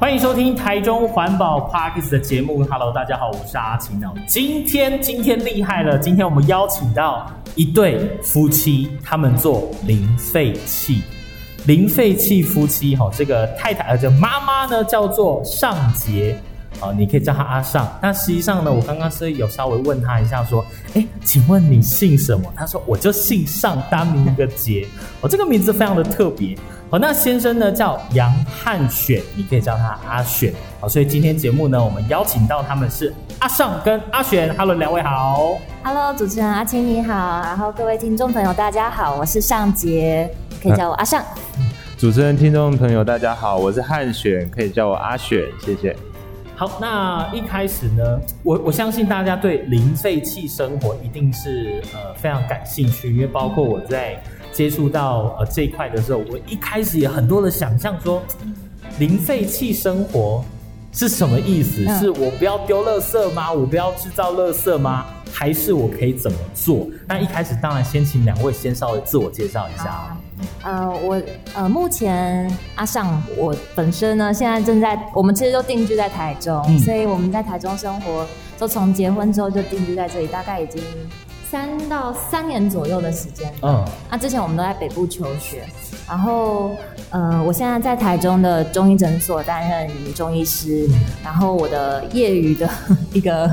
歡迎收聽台中環保 Podcast 的節目。Hello，大家好，我是阿晴。今天今天厲害了，今天我們邀請到一對夫妻，他們做零廢棄、零廢棄夫妻哈。這個太太呃，這個、媽媽呢叫做尚潔。哦，你可以叫他阿尚。那實際上呢，我剛剛是有稍微問他一下，說：“哎、欸，請問你姓什麼？”他說：“我就姓尚，單名一個潔。”我這個名字非常的特別。好，那先生呢，叫楊翰選，你可以叫他阿選。好，所以今天節目呢，我們邀請到他們是阿尚跟阿選。Hello，兩位好。Hello，主持人阿青你好，然後各位聽眾朋友大家好，我是尚潔，可以叫我阿尚、啊嗯。主持人、聽眾朋友大家好，我是翰選，可以叫我阿選，謝謝。好，那一開始呢，我我相信大家對零廢棄生活一定是呃非常感興趣，因為包括我在接觸到呃這一塊的時候，我一開始也很多的想象說，零廢棄生活是什麼意思？是我不要丟垃圾嗎？我不要制造垃圾嗎？還是我可以怎麼做？那一開始當然先請兩位先稍微自我介紹一下啊。呃，我呃，目前阿尚，我本身呢，現在正在，我們其實都定居在台中，嗯、所以我們在台中生活，就從結婚之後就定居在這裡，大概已經。三到三年左右的時間。嗯，那、啊、之前我們都在北部求學，然後，嗯、呃，我現在在台中的中醫診所擔任中醫師、嗯，然後我的業餘的一個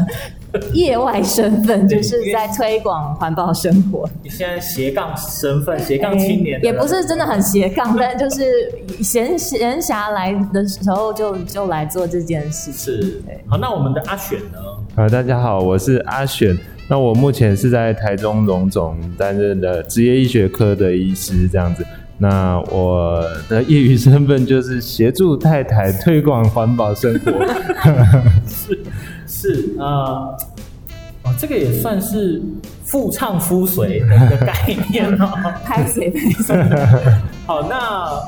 業外身份，就是在推廣環保生活。你現在斜槓身份，斜槓青年、欸，也不是真的很斜槓， 但就是閒閒暇來的時候就就來做這件事。是，好，那我們的阿選呢？啊，大家好，我是阿選。那我目前是在台中榮總擔任的職業醫學科的醫師，這樣子。那我的業餘身份就是協助太太推廣環保生活。是 是，是呃，哦，這個也算是婦唱夫隨的概念嗎？哦？拍誰的，好。那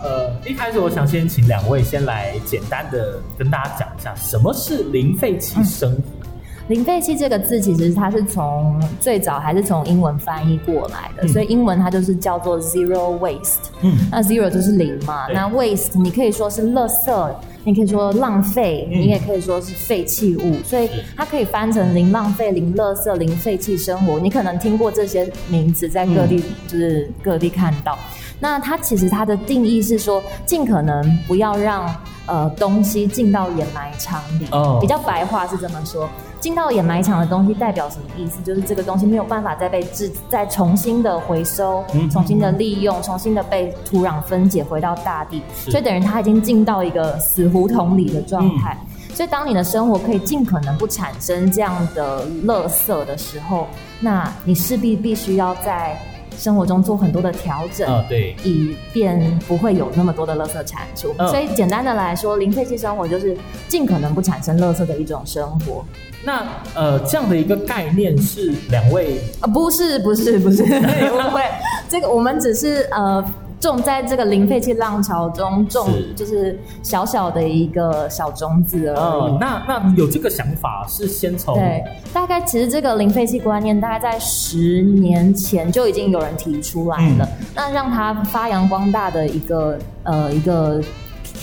呃，一開始我想先請兩位先來簡單的跟大家講一下，什麼是零廢棄生活。嗯零廢棄這個字，其實它是從最早還是從英文翻譯過來的，所以英文它就是叫做 zero waste。嗯，那 zero 就是零嘛，那 waste 你可以說是垃圾，你可以說浪費，你也可以說是廢棄物，所以它可以翻成零浪費、零垃圾、零廢棄生活。你可能聽過這些名字，在各地就是各地看到。那它其實它的定義是說，盡可能不要讓。呃，東西進到掩埋場裡，oh. 比較白話是這麼說：進到掩埋場的東西代表什麼意思？就是這個東西沒有辦法再被制、再重新的回收、mm -hmm. 重新的利用、重新的被土壤分解回到大地，所以等於它已經進到一個死胡同裡的狀態。Mm -hmm. 所以，當你的生活可以盡可能不產生這樣的垃圾的時候，那你勢必必須要在。生活中做很多的調整，對，以便不會有那麼多的垃圾產出。所以簡單的來說，零廢棄生活就是儘可能不產生垃圾的一種生活、uh,。Uh. 那呃，這樣的一個概念是兩位？啊不是不是不是，不，是不是 誤會， 這個我們只是呃。種在這個零廢棄浪潮中，種就是小小的一個小種子而已，已，嗯，那那你有這個想法是先從對，大概其實這個零廢棄觀念大概在十年前就已經有人提出來了。嗯，那讓它發揚光大的一個呃一個。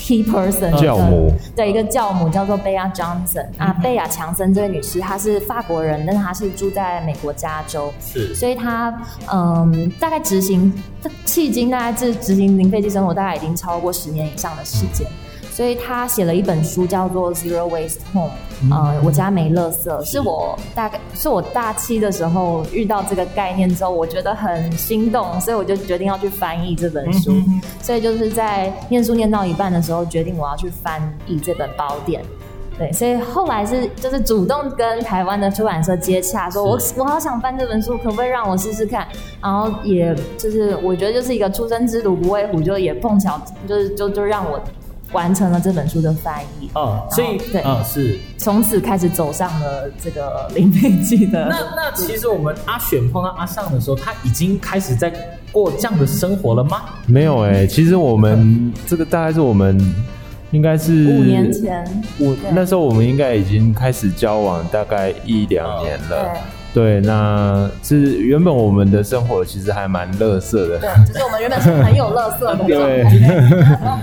Key person 的教母的對，一個教母叫做貝亞 Johnson · Johnson、嗯、啊，貝亞·強森這位女士，她是法國人，但是她是住在美國加州，是，所以她嗯，大概執行，迄今大概是執行零廢棄生活，大概已經超過十年以上的時間。嗯所以他寫了一本書，叫做《Zero Waste Home》，Mm-hmm.，呃，我家沒垃圾。是我大概是我大七的時候遇到這個概念之後，我覺得很心動，所以我就決定要去翻譯這本書。Mm-hmm. 所以就是在念書念到一半的時候，決定我要去翻譯這本寶典。對，所以後來是就是主動跟台灣的出版社接洽說，說我我好想翻這本書，可不可以讓我試試看？然後也就是我覺得就是一個初生之犢不畏虎，就也碰巧就是就就讓我。完成了這本書的翻譯哦、嗯，所以對、嗯、是從此開始走上了這個零廢棄的。那那其實我們阿選碰到阿尚的時候，他已經開始在過這樣的生活了嗎？嗯、沒有哎、欸，其實我們、嗯、這個大概是我們應該是五年前，五那時候我們應該已經開始交往大概一兩年了，對對，那是原本我們的生活其實還蠻垃圾的。對，就是我們原本是很有垃圾的， 對，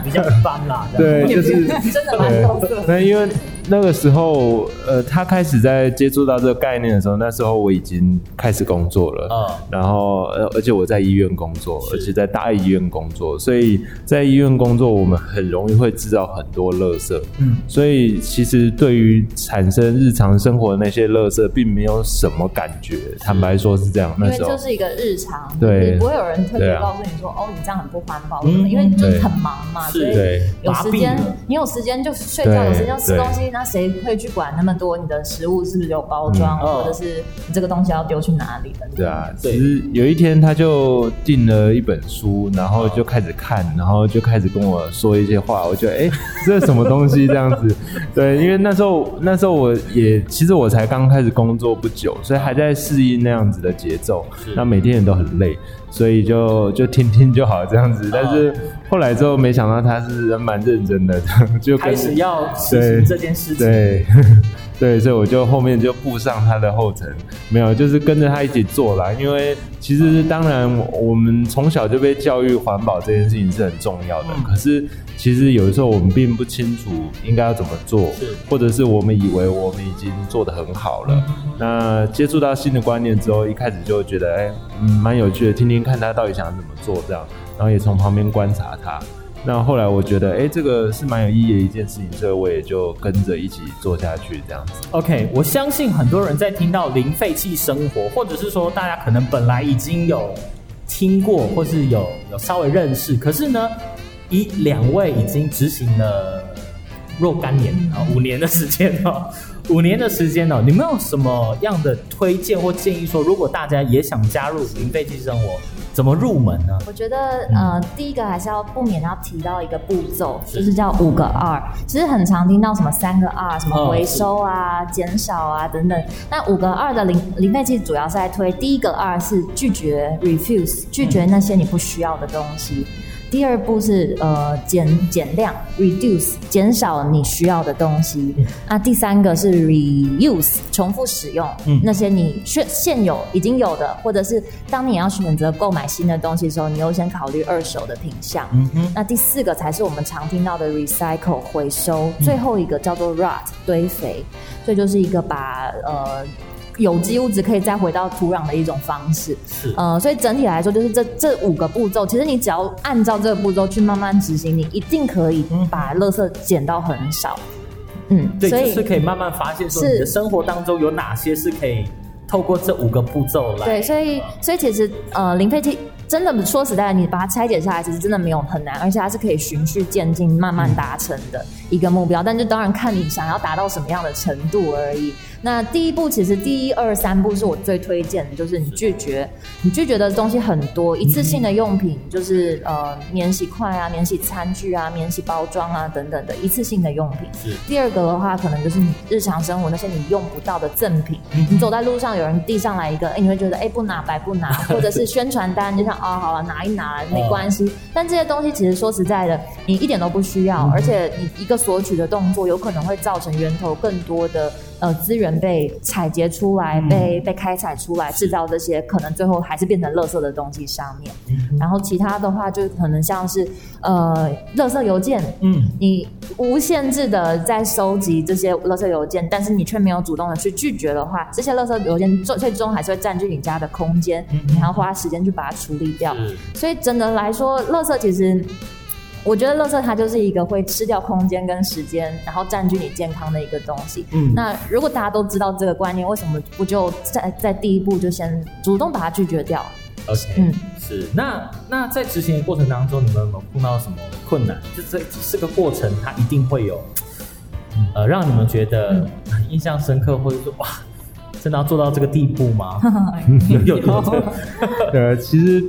比較放啦。對，就是 真的蠻垃圾，那因為。那個時候，呃，他開始在接觸到這個概念的時候，那時候我已經開始工作了，嗯，然後，呃，而且我在醫院工作，而且在大醫院工作，所以在醫院工作，我們很容易會製造很多垃圾，嗯，所以其實對於產生日常生活的那些垃圾，並沒有什麼感覺，坦白說是這樣，那時候就是一個日常，對，不會有人特別告訴你說，哦，你這樣很不環保，因為就是很忙嘛，是，有時間，你有時間就睡覺，有時間吃東西。那誰會去管那麼多？你的食物是不是有包裝，嗯，或者是你這個東西要丟去哪裡的？嗯、對啊，其實有一天他就訂了一本書，然後就開始看，然後就開始跟我說一些話。我覺得，哎、欸，這是什麼東西這樣子？ 對，因為那時候那時候我也其實我才剛開始工作不久，所以還在適應那樣子的節奏，那每天也都很累。所以就就聽聽就好這樣子，但是後來之後沒想到他是人蠻認真的，就開始要實行這件事情對。對對，所以我就後面就步上他的後塵，沒有，就是跟着他一起做啦。因為其實當然，我們從小就被教育環保這件事情是很重要的。嗯。可是其實有的時候我們並不清楚應該要怎麼做，或者是我們以為我們已經做得很好了。那接觸到新的觀念之後，一開始就會覺得，哎，嗯，蠻有趣的，聽聽看他到底想要怎麼做這樣，然後也從旁邊觀察他。那後來我覺得，哎、欸，這個是蠻有意義的一件事情，所以我也就跟着一起做下去這樣子。OK，我相信很多人在聽到零廢棄生活，或者是說大家可能本來已經有聽過，或是有有稍微認識，可是呢，一兩位已經執行了若干年啊、哦，五年的時間、哦、五年的時間了、哦，你們有什麼樣的推薦或建議說？說如果大家也想加入零廢棄生活？怎麼入門呢？我覺得，呃，第一個還是要不免要提到一個步驟、嗯，就是叫五個二。其實很常聽到什麼三個二，什麼回收啊、減、哦、少啊等等。那五個二的零廢棄其實主要是在推第一個二，是拒絕 （refuse） 拒絕那些你不需要的東西。嗯第二步是呃減減量，reduce 減少你需要的東西、嗯。那第三個是 reuse 重複使用、嗯、那些你現現有已經有的，或者是當你要選擇購買新的東西的時候，你優先考慮二手的品相、嗯。那第四個才是我們常聽到的 recycle 回收、嗯。最後一個叫做 rot 堆肥，所以就是一個把呃。有機物質可以再回到土壤的一種方式。是，呃所以整體來說，就是這這五個步驟，其實你只要按照這個步驟去慢慢執行，你一定可以把垃圾減到很少。嗯，對，所以、就是可以慢慢發現說你的生活當中有哪些是可以透過這五個步驟來。對，所以、嗯、所以、所以其實呃，零廢棄真的說實在的，你把它拆解下來，其實真的沒有很難，而且它是可以循序漸進、慢慢達成的一個目標、嗯。但就當然看你想要達到什麼樣的程度而已。那第一步，其實第一二三步是我最推薦的，就是你拒絕，你拒絕的東西很多，一次性的用品，嗯、就是呃，免洗筷啊，免洗餐具啊，免洗包裝啊等等的一次性的用品。是第二個的話，可能就是你日常生活那些你用不到的贈品、嗯，你走在路上有人遞上來一個，哎、欸，你會覺得哎、欸、不拿白不拿， 或者是宣傳單，就像啊、哦、好了拿一拿沒關係、哦。但這些東西其實說實在的，你一點都不需要，嗯、而且你一個索取的動作，有可能會造成源頭更多的。呃，資源被採集出來，嗯、被被開採出來，製造這些可能最後還是變成垃圾的東西上面。嗯、然後其他的話，就可能像是呃，垃圾郵件，嗯，你無限制的在收集這些垃圾郵件，但是你卻沒有主動的去拒絕的話，這些垃圾郵件最終還是會佔據你家的空間、嗯，你要花時間去把它處理掉。所以整個來說，垃圾其實。我覺得垃圾它就是一個會吃掉空間跟時間，然後佔據你健康的一個東西。嗯，那如果大家都知道這個觀念，為什麼不就在在第一步就先主動把它拒絕掉？OK，嗯，是。那那在執行的過程當中，你們有沒有碰到什麼困難？就是、這、就是、這個過程，它一定會有、嗯、呃讓你們覺得印象深刻，或者說哇。真的要做到這個地步嗎？ 有。呃， 其實，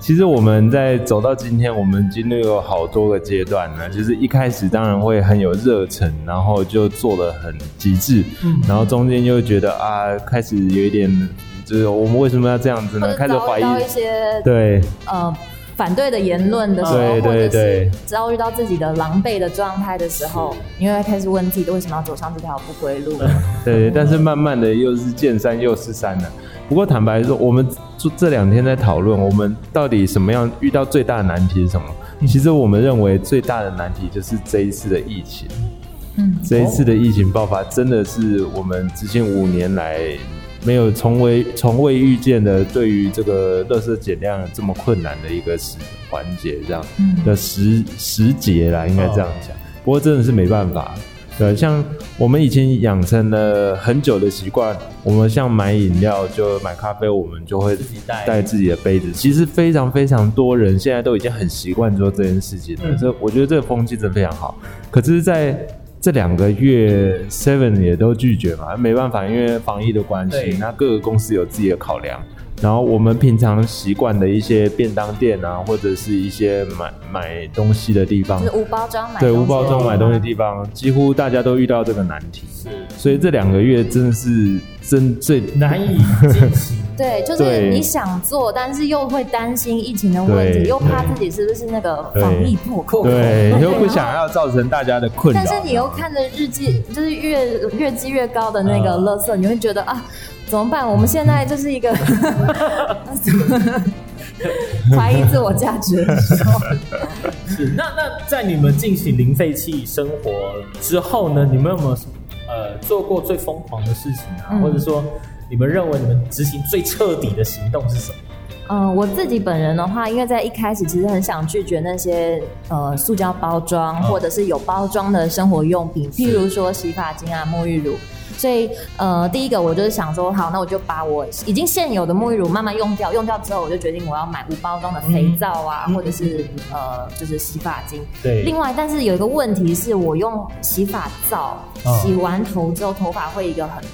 其實我們在走到今天，我們經歷了好多個階段呢，就是一開始當然會很有熱忱，然後就做的很極致，嗯，然後中間又覺得啊，開始有一點，就是我們為什麼要這樣子呢？開始懷疑一些，對，嗯。反對的言論的時候，嗯、或者是遭遇到自己的狼狽的狀態的時候，你又要開始問自己，為什麼要走上這條不歸路？對、嗯，但是慢慢的又是見山又是山了，啊。不過坦白說，我們這兩天在討論，我們到底什麼樣遇到最大的難題是什麼？其實我們認為最大的難題就是這一次的疫情。嗯，這一次的疫情爆發真的是我們最近五年來。沒有從未從未遇見的，對於這個垃圾減量這麼困難的一個時環節，這樣、嗯、的時時節啦，應該這樣講、哦。不過真的是沒辦法，對，像我們以前養成了很久的習慣，我們像買飲料就買咖啡，我們就會帶自己的杯子。其實非常非常多人現在都已經很習慣做這件事情了，嗯、所以我覺得這個風氣真的非常好。可是在。這兩個月，Seven 也都拒絕嘛，沒辦法，因為防疫的關係，那各個公司有自己的考量。然後我們平常習慣的一些便當店啊，或者是一些買買東西的地方，無包對無包裝買東西，買東西的地方，幾乎大家都遇到這個難題。是，所以這兩個月真的是真最難以進行。 對，就是你想做，但是又會擔心疫情的問題，又怕自己是不是那個防疫破口，對，對對對，又不想要造成大家的困擾，但是你又看着日記，嗯、就是越越積越高的那個垃圾，嗯、你會覺得啊，怎麼辦？我們現在就是一個懷、嗯、 疑自我價值的時候 是。是那那在你們進行零廢棄生活之後呢？你們有沒有什麼呃做過最瘋狂的事情啊？嗯、或者說？你們認為你們執行最徹底的行動是什麼？嗯、呃，我自己本人的話，因為在一開始其實很想拒絕那些呃塑膠包裝或者是有包裝的生活用品，哦、譬如說洗髮精啊、沐浴乳。所以呃，第一個我就是想說，好，那我就把我已經現有的沐浴乳慢慢用掉，用掉之後我就決定我要買無包裝的肥皂啊，嗯、或者是呃就是洗髮精。對。另外，但是有一個問題是我用洗髮皂洗完頭之後，哦、頭髮會一個很。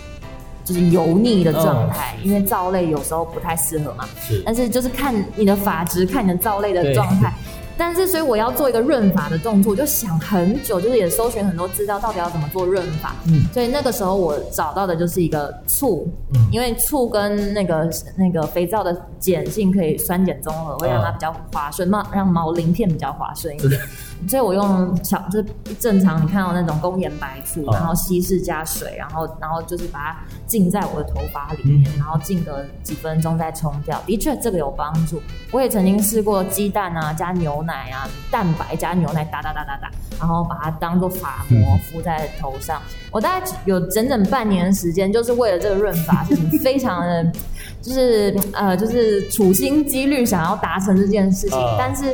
就是油膩的狀態，oh. 因為皂類有時候不太適合嘛。是，但是就是看你的髮質，看你的皂類的狀態。但是，所以我要做一個潤髮的動作，我就想很久，就是也搜尋很多資料，到底要怎麼做潤髮。嗯，所以那個時候我找到的就是一個醋，嗯、因為醋跟那個那個肥皂的鹼性可以酸鹼中和，會讓它比較滑順嘛、啊，讓毛鱗片比較滑順一點。所以，所以我用小就是正常你看到那種工研白醋，啊、然後稀釋加水，然後然後就是把它浸在我的頭髮裡面、嗯，然後浸個幾分鐘再沖掉。嗯、的確，這個有幫助。我也曾經試過雞蛋啊，加牛奶。奶啊，蛋白加牛奶打打打打打，然後把它當做髮膜敷在頭上。嗯。我大概有整整半年的時間，就是為了這個潤髮，非常的， 就是呃，就是處心積慮想要達成這件事情，嗯。但是。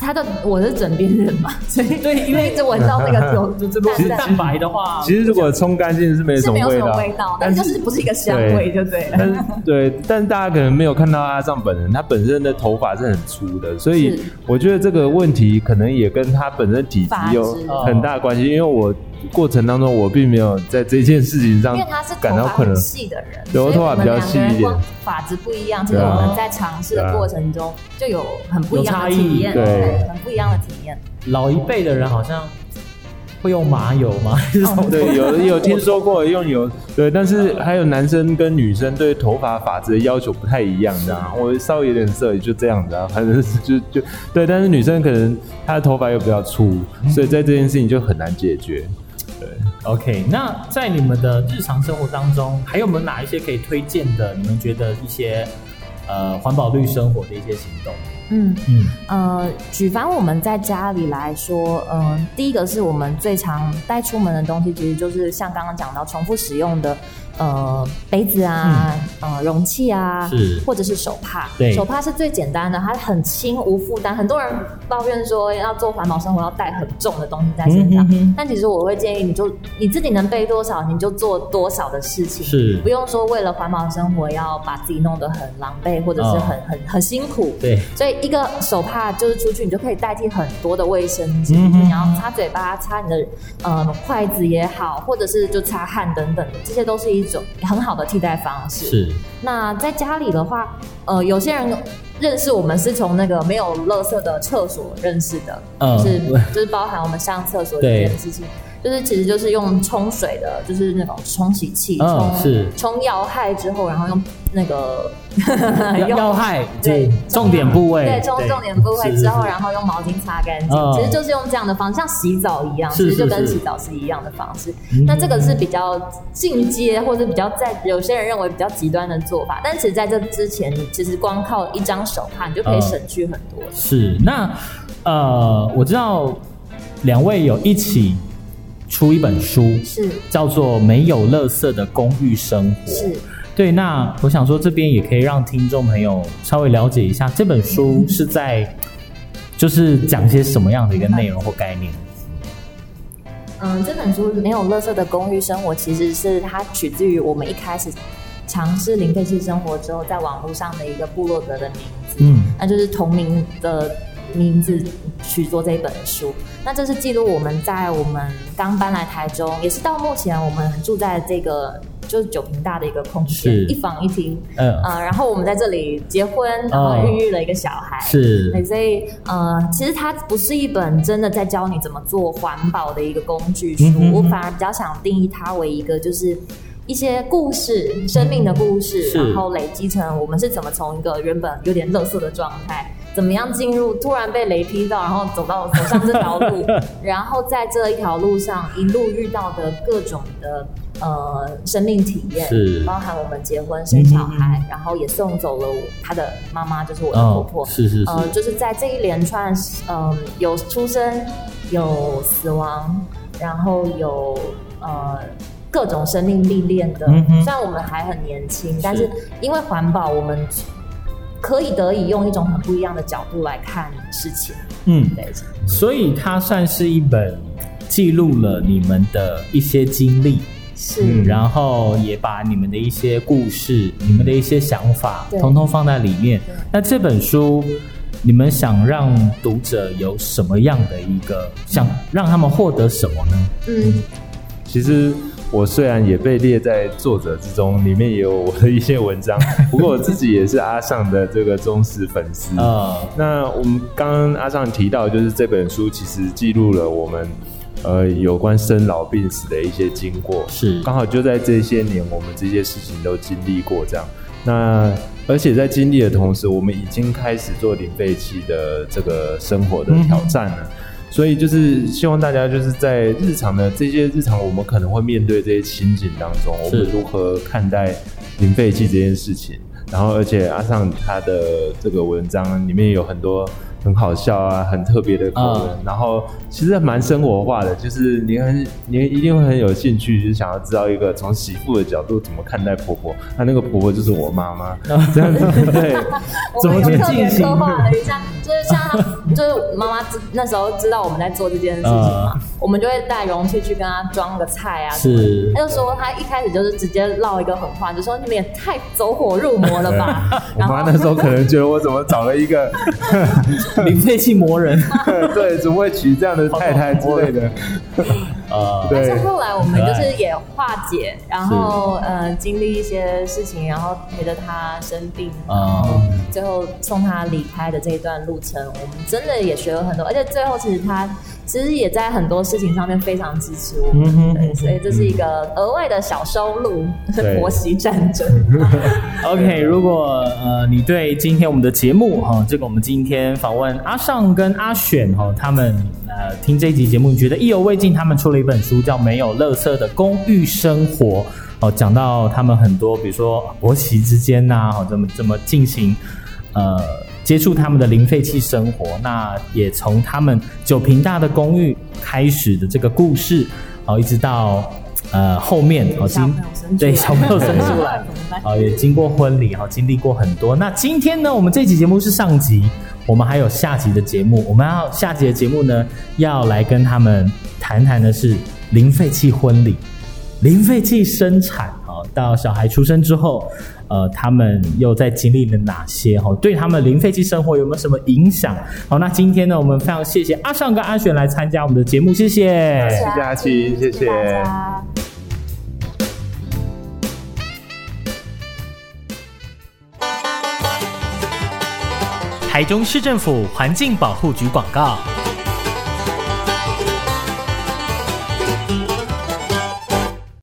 他的，我是枕邊人嘛，所以對，因為一直聞到這個那個、啊啊，就這其實蛋白的話，其實如果沖乾淨是沒什麼味道，沒有什麼味道，但但，但是就是不是一個香味，就對了。了。對，但是大家可能沒有看到阿尚本人，他本身的頭髮是很粗的，所以我覺得這個問題可能也跟他本身體積有很大的關係，因為我。過程當中，我並沒有在這件事情上感到困難。細的人，對，我頭髮比較細一點，髮質不一樣。其實我們在嘗試的過程中就有很不一樣的體驗，對，很不一樣的體驗。老一輩的人好像會用麻油嗎？哦、 對，有有聽說過用油， 對。但是還有男生跟女生對頭髮髮質的要求不太一樣的，啊，我稍微有點色，也就這樣子啊。反正就就，就對，但是女生可能她的頭髮又比較粗，嗯嗯，所以在這件事情就很難解決。對，OK，那在你們的日常生活當中，還有沒有哪一些可以推薦的？你們覺得一些，呃，環保綠生活的一些行動？嗯嗯呃，舉凡我們在家裡來說，嗯，呃，第一個是我們最常帶出門的東西，其實就是像剛剛講到重複使用的。呃，杯子啊、嗯，呃，容器啊，是，或者是手帕，對，手帕是最簡單的，它很輕，無負擔。很多人抱怨說，要做環保生活要帶很重的東西在身上，嗯、但其實我會建議，你就你自己能背多少，你就做多少的事情，是，不用說為了環保生活要把自己弄得很狼狽，或者是很、哦、很很辛苦，對。所以一個手帕就是出去你就可以代替很多的衛生紙、嗯，你要擦嘴巴、擦你的呃筷子也好，或者是就擦汗等等，這些都是一。一種很好的替代方式。是。那在家裡的話，呃，有些人認識我們是從那個沒有垃圾的廁所認識的，嗯，就是就是包含我們上廁所這件事情。就是其實就是用沖水的，就是那種沖洗器沖，哦，是沖要害之後，然後用那個要 害對重點部位對沖重，重點部位之後，然後用毛巾擦乾淨。其實就是用這樣的方式，像洗澡一樣，是是是，其實就跟洗澡是一樣的方式。是是是，那這個是比較進階，或者比較在有些人認為比較極端的做法，嗯。但其實在這之前，你其實光靠一張手帕，你就可以省去很多，嗯。是，那呃，我知道兩位有一起出一本書是叫做《沒有垃圾的公寓生活》是對。那我想說，這邊也可以讓聽眾朋友稍微了解一下這本書是在，就是講些什麼樣的一個內容或概念。嗯，這本書《沒有垃圾的公寓生活》其實是它取自於我們一開始嘗試零廢棄生活之後，在網絡上的一個部落格的名字，嗯，那就是同名的。名字去做這一本的書，那這是記錄我們在我們剛搬來台中，也是到目前我們住在這個就是九坪大的一個空間，一房一廳，嗯、呃、然後我們在這裡結婚，然後孕育了一個小孩，哦、是，所以呃，其實它不是一本真的在教你怎麼做環保的一個工具書，我、嗯、反而比較想定義它為一個就是一些故事，生命的故事，嗯、然後累積成我們是怎麼從一個原本有點垃圾的狀態。怎麼樣進入？突然被雷劈到，然後走到我走上這條路， 然後在這一條路上一路遇到的各種的呃生命體驗，是包含我們結婚生小孩嗯嗯嗯，然後也送走了他的媽媽，就是我的婆婆，哦、是是是，呃，就是在這一連串嗯、呃、有出生有死亡，然後有呃各種生命歷練的嗯嗯。雖然我們還很年輕，是但是因為環保，我們。可以得以用一種很不一樣的角度來看事情，嗯，所以它算是一本記錄了你們的一些經歷，是、嗯，然後也把你們的一些故事、你們的一些想法，通通放在裡面。那這本書，你們想讓讀者有什麼樣的一個，想讓他們獲得什麼呢？嗯，其實。我雖然也被列在作者之中，裡面也有我的一些文章，不過我自己也是阿尚的這個忠實粉絲啊。 那我們剛剛阿尚提到，就是這本書其實記錄了我們呃，有關生老病死的一些經過，是剛好就在這些年我們這些事情都經歷過這樣。那而且在經歷的同時，我們已經開始做零廢棄的這個生活的挑戰了。嗯所以就是希望大家就是在日常的這些日常，我們可能會面對這些情景當中，我們如何看待零廢棄這件事情？然後，而且阿尚他的這個文章裡面有很多很好笑啊，很特別的課文、嗯、然後其實還蠻生活化的，就是你很你一定會很有興趣，就是想要知道一個從媳婦的角度怎麼看待婆婆。他那個婆婆就是我媽媽， 這樣對不對？怎麼去進行的一？就是像。就是媽媽那時候知道我們在做這件事情嘛，呃、我們就會帶容器去跟他裝個菜啊什麼。是，她就說她一開始就是直接撂一個狠話，就說你們也太走火入魔了吧。然後我媽那時候可能覺得我怎麼找了一個零廢 棄魔人， 對，怎麼會娶這樣的太太之類的。 啊、uh,！但是後來我們就是也化解，然後呃經歷一些事情，然後陪着他生病哦，uh, okay. 後最後送他離開的這一段路程，我們真的也學了很多。而且最後其實他其實也在很多事情上面非常支持我嗯哼。所以這是一個額外的小收入，婆媳戰爭。 OK，如果呃你對今天我們的節目哈、哦，這個我們今天訪問阿尚跟阿選哈、哦，他們。呃，聽這一集節目，你覺得意猶未盡，他們出了一本書，叫《沒有垃圾的公寓生活》哦，講到他們很多，比如說婆媳之間吶、啊，哦怎麼怎麼進行呃接觸他們的零廢棄生活。那也從他們九坪大的公寓開始的這個故事，好、哦、一直到呃後面好經對小朋友生出來，生出來哦，也經過婚禮，哦經歷過很多。那今天呢，我們這一集節目是上集。我們還有下集的節目，我們要下集的節目呢，要來跟他們談談的是零廢棄婚禮、零廢棄生產、哦、到小孩出生之後，呃、他們又在經歷了哪些、哦、對他們零廢棄生活有沒有什麼影響？好，那今天呢，我們非常謝謝阿尚跟阿璇來參加我們的節目，謝謝，謝謝阿琪，謝謝。謝謝台中市政府環境保護局廣告。